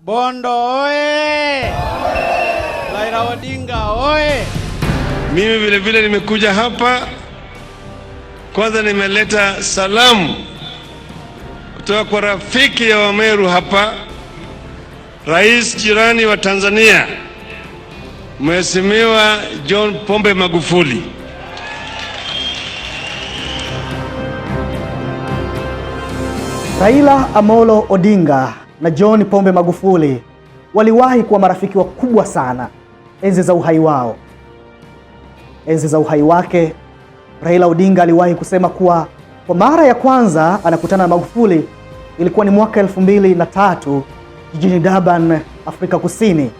Bondo oye! Raila Odinga oye! Mimi vile vile nimekuja hapa, kwanza nimeleta salamu kutoka kwa rafiki ya Wameru hapa, rais jirani wa Tanzania, Mheshimiwa John Pombe Magufuli. Raila Amolo Odinga na John Pombe Magufuli waliwahi kuwa marafiki wakubwa sana enzi za uhai wao. Enzi za uhai wake, Raila Odinga aliwahi kusema kuwa kwa mara ya kwanza anakutana na Magufuli ilikuwa ni mwaka elfu mbili na tatu jijini Durban, Afrika Kusini.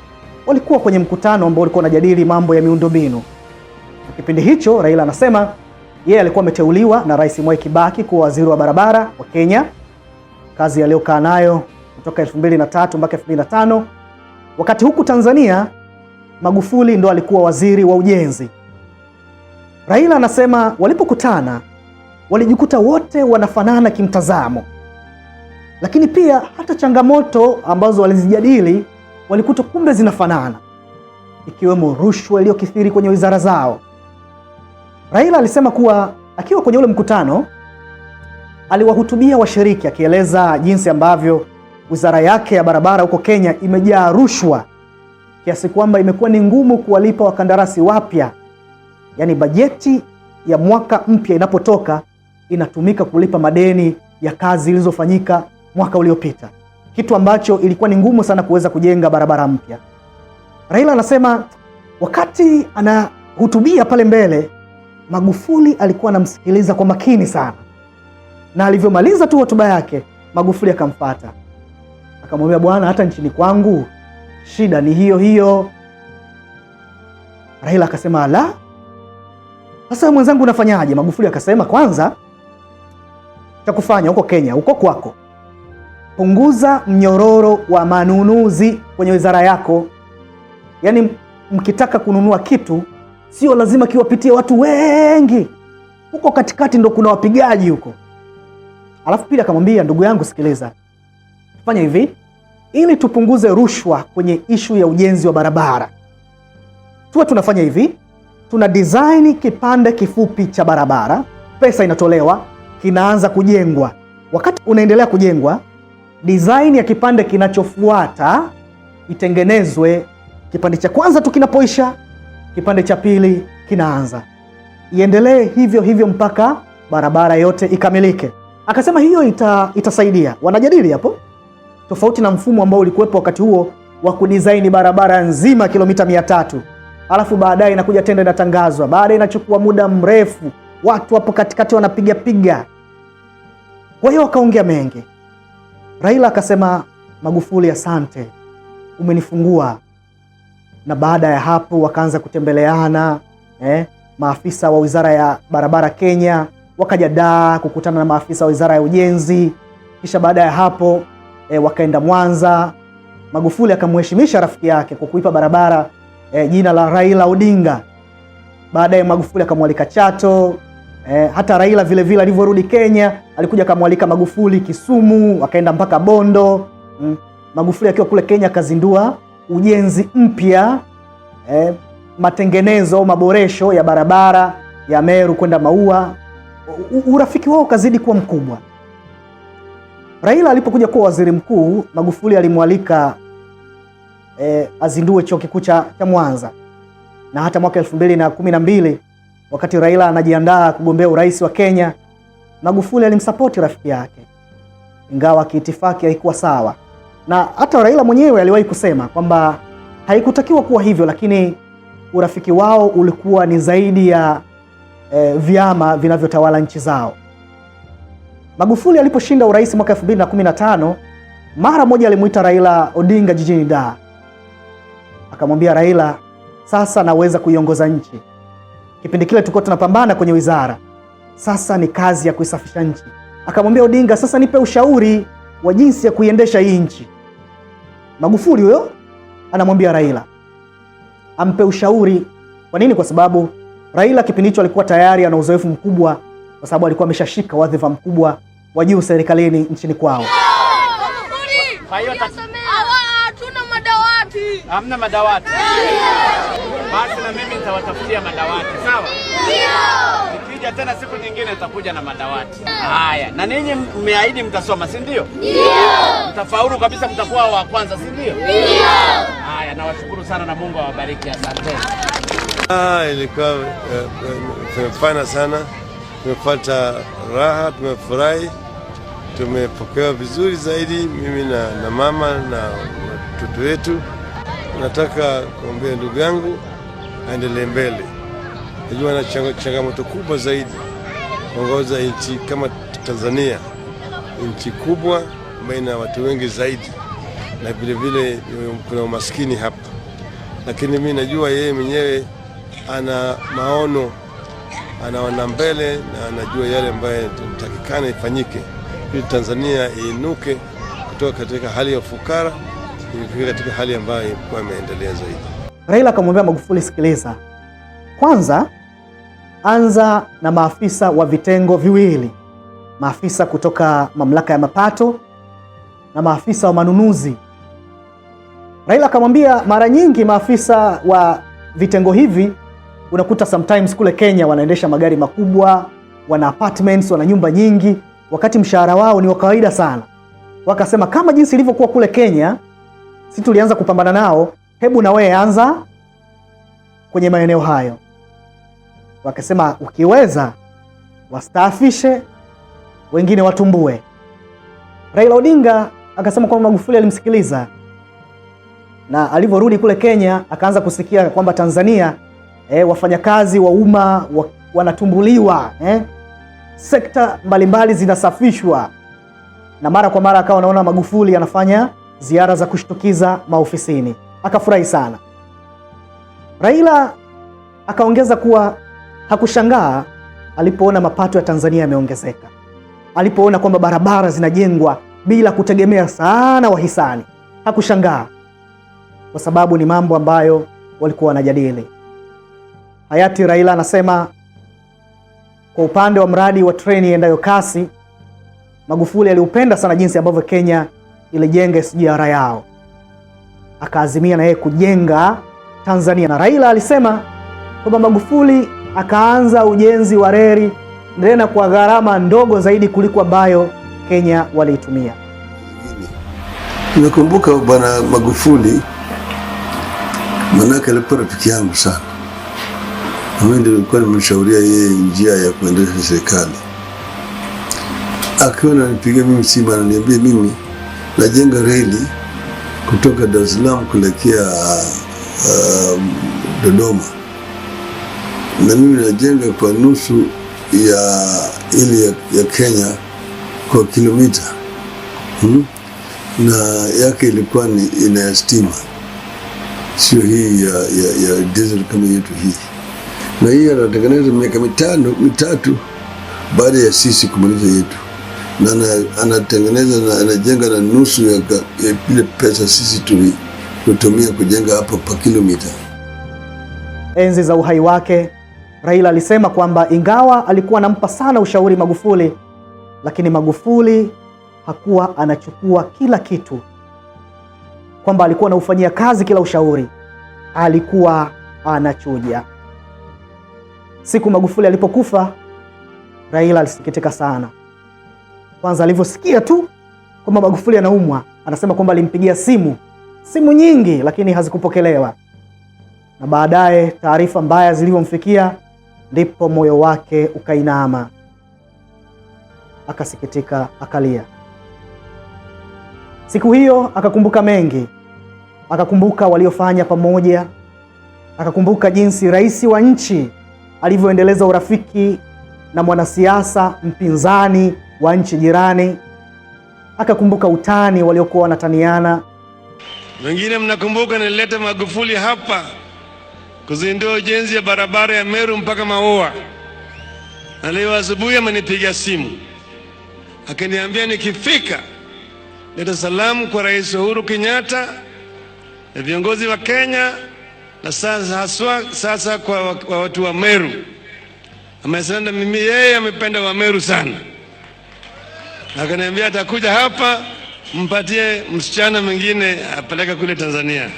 Walikuwa kwenye mkutano ambao ulikuwa unajadili mambo ya miundombinu. Kipindi hicho Raila anasema yeye alikuwa ameteuliwa na Rais Mwai Kibaki kuwa waziri wa barabara wa Kenya, kazi aliyokaa nayo toka 2003 mpaka 2005. Wakati huku Tanzania Magufuli ndo alikuwa waziri wa ujenzi. Raila anasema walipokutana walijikuta wote wanafanana kimtazamo, lakini pia hata changamoto ambazo walizijadili walikuta kumbe zinafanana, ikiwemo rushwa iliyokithiri kwenye wizara zao. Raila alisema kuwa akiwa kwenye ule mkutano aliwahutubia washiriki akieleza jinsi ambavyo wizara yake ya barabara huko Kenya imejaa rushwa kiasi kwamba imekuwa ni ngumu kuwalipa wakandarasi wapya. Yaani bajeti ya mwaka mpya inapotoka inatumika kulipa madeni ya kazi zilizofanyika mwaka uliopita, kitu ambacho ilikuwa ni ngumu sana kuweza kujenga barabara mpya. Raila anasema wakati anahutubia pale mbele, Magufuli alikuwa anamsikiliza kwa makini sana, na alivyomaliza tu hotuba yake Magufuli akamfata Akamwambia, bwana, hata nchini kwangu shida ni hiyo hiyo. Raila akasema, la, sasa mwenzangu, unafanyaje? Magufuli akasema, kwanza cha kufanya huko Kenya, huko kwako, punguza mnyororo wa manunuzi kwenye wizara yako. Yaani mkitaka kununua kitu sio lazima kiwapitie watu wengi, huko katikati ndo kuna wapigaji huko. Alafu pili akamwambia, ndugu yangu, sikiliza, Fanya hivi ili tupunguze rushwa kwenye ishu ya ujenzi wa barabara, tuwe tunafanya hivi, tuna design kipande kifupi cha barabara, pesa inatolewa, kinaanza kujengwa. Wakati unaendelea kujengwa, design ya kipande kinachofuata itengenezwe. Kipande cha kwanza tu kinapoisha, kipande cha pili kinaanza, iendelee hivyo hivyo mpaka barabara yote ikamilike. Akasema hiyo ita, itasaidia. Wanajadili hapo tofauti na mfumo ambao ulikuwepo wakati huo wa kudizaini barabara nzima kilomita mia tatu alafu baadaye inakuja tenda inatangazwa, baadaye inachukua muda mrefu, watu hapo katikati wanapiga piga Kwa hiyo wakaongea mengi. Raila akasema, Magufuli, asante, umenifungua. Na baada ya hapo wakaanza kutembeleana eh, maafisa wa wizara ya barabara Kenya wakaja kukutana na maafisa wa wizara ya ujenzi, kisha baada ya hapo e, wakaenda Mwanza. Magufuli akamheshimisha rafiki yake kwa kuipa barabara e, jina la Raila Odinga. Baadaye Magufuli akamwalika Chato. E, hata Raila vile vile alivyorudi Kenya alikuja akamwalika Magufuli Kisumu, wakaenda mpaka Bondo. Mm. Magufuli akiwa kule Kenya akazindua ujenzi mpya e, matengenezo au maboresho ya barabara ya Meru kwenda Maua. Urafiki wao ukazidi kuwa mkubwa. Raila alipokuja kuwa waziri mkuu, Magufuli alimwalika eh, azindue chuo kikuu cha Mwanza, na hata mwaka elfu mbili na kumi na mbili wakati Raila anajiandaa kugombea urais wa Kenya, Magufuli alimsapoti rafiki yake, ingawa kiitifaki haikuwa sawa, na hata Raila mwenyewe aliwahi kusema kwamba haikutakiwa kuwa hivyo, lakini urafiki wao ulikuwa ni zaidi ya eh, vyama vinavyotawala nchi zao. Magufuli aliposhinda urais mwaka 2015 mara moja alimuita Raila Odinga jijini Dar, akamwambia Raila, sasa naweza kuiongoza nchi. Kipindi kile tulikuwa tunapambana kwenye wizara, sasa ni kazi ya kuisafisha nchi. Akamwambia Odinga, sasa nipe ushauri wa jinsi ya kuiendesha hii nchi. Magufuli huyo anamwambia Raila ampe ushauri. Kwa nini? Kwa sababu Raila kipindi hicho alikuwa tayari ana uzoefu mkubwa, kwa sababu alikuwa ameshashika wadhifa mkubwa wajiu serikalini nchini kwao. Hatuna madawati. Hamna madawati. Basi na mimi nitawatafutia madawati, sawa? Ndio. Nikija tena siku nyingine nitakuja na madawati. Haya, na ninyi mmeahidi mtasoma, si ndio? Ndio. Mtafaulu kabisa, mtakuwa wa kwanza, si ndio? Ndio. Haya, nawashukuru sana na Mungu awabariki, asante. Ah, ilikuwa eh, eh, tumefana sana, tumepata raha, tumefurahi tumepokewa vizuri zaidi, mimi na, na mama na watoto wetu. Nataka kuombea ndugu yangu aendelee mbele, najua na changamoto kubwa zaidi kuongoza nchi kama Tanzania, nchi kubwa ambayo ina watu wengi zaidi, na vilevile kuna umaskini hapa, lakini mi najua yeye mwenyewe ana maono, anaona mbele na anajua yale ambayo takikana ifanyike ili Tanzania iinuke kutoka katika hali ya ufukara ifike katika hali ambayo ilikuwa imeendelea zaidi. Raila akamwambia Magufuli, sikiliza kwanza, anza na maafisa wa vitengo viwili, maafisa kutoka mamlaka ya mapato na maafisa wa manunuzi. Raila akamwambia, mara nyingi maafisa wa vitengo hivi unakuta sometimes kule Kenya wanaendesha magari makubwa, wana apartments, wana nyumba nyingi wakati mshahara wao ni wa kawaida sana. Wakasema kama jinsi ilivyokuwa kule Kenya, sisi tulianza kupambana nao, hebu na wewe anza kwenye maeneo hayo. Wakasema ukiweza wastaafishe, wengine watumbue. Raila Odinga akasema kwamba Magufuli alimsikiliza na alivyorudi kule Kenya akaanza kusikia kwamba Tanzania eh, wafanyakazi wa umma wa, wanatumbuliwa eh sekta mbalimbali zinasafishwa, na mara kwa mara akawa anaona Magufuli anafanya ziara za kushtukiza maofisini, akafurahi sana. Raila akaongeza kuwa hakushangaa alipoona mapato ya Tanzania yameongezeka, alipoona kwamba barabara zinajengwa bila kutegemea sana wahisani, hakushangaa kwa sababu ni mambo ambayo walikuwa wanajadili. Hayati Raila anasema kwa upande wa mradi wa treni iendayo kasi, Magufuli aliupenda sana jinsi ambavyo Kenya ilijenga SGR yao, akaazimia na yeye kujenga Tanzania, na Raila alisema kwamba Magufuli akaanza ujenzi wa reli tena kwa gharama ndogo zaidi kuliko ambayo Kenya waliitumia. Nakumbuka bwana Magufuli, manake alikuwa rafiki yangu sana mimi nilikuwa nimemshauria yeye njia ya kuendesha serikali. Akiwa ananipigia mimi simu ananiambia mimi najenga reli kutoka Dar es Salaam kuelekea uh, Dodoma, na mimi najenga kwa nusu ya ile ya, ya Kenya kwa kilomita hmm? na yake ilikuwa ni inaestima sio hii ya, ya, ya diesel kama yetu hii na hiyo anatengeneza miaka mitano mitatu baada ya sisi kumaliza yetu, na anatengeneza na anajenga na nusu ya ile pesa sisi tulitumia kujenga hapo pa kilomita. Enzi za uhai wake Raila alisema kwamba ingawa alikuwa anampa sana ushauri Magufuli, lakini Magufuli hakuwa anachukua kila kitu, kwamba alikuwa anaufanyia kazi kila ushauri, alikuwa anachuja. Siku Magufuli alipokufa, Raila alisikitika sana. Kwanza alivyosikia tu kwamba Magufuli anaumwa, anasema kwamba alimpigia simu simu nyingi, lakini hazikupokelewa, na baadaye taarifa mbaya zilivyomfikia, ndipo moyo wake ukainama, akasikitika, akalia. Siku hiyo akakumbuka mengi, akakumbuka waliofanya pamoja, akakumbuka jinsi rais wa nchi alivyoendeleza urafiki na mwanasiasa mpinzani wa nchi jirani, akakumbuka utani waliokuwa wanataniana. Wengine mnakumbuka, nilileta Magufuli hapa kuzindua ujenzi ya barabara ya Meru mpaka Maua, na leo asubuhi amenipiga simu akiniambia nikifika leta salamu kwa Rais Uhuru Kenyatta na viongozi wa Kenya na sasa haswa sasa kwa, wa watu wa Meru amesema mimi yeye amependa wa meru sana, akaniambia atakuja hapa mpatie msichana mwingine apeleka kule Tanzania.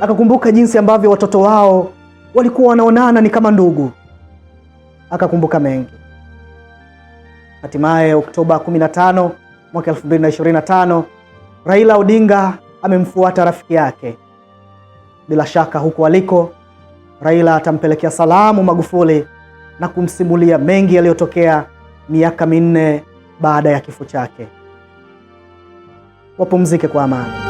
Akakumbuka jinsi ambavyo watoto wao walikuwa wanaonana ni kama ndugu, akakumbuka mengi. Hatimaye Oktoba 15 mwaka 2025 Raila Odinga amemfuata rafiki yake. Bila shaka huko aliko Raila atampelekea salamu Magufuli na kumsimulia mengi yaliyotokea miaka minne baada ya kifo chake. Wapumzike kwa amani.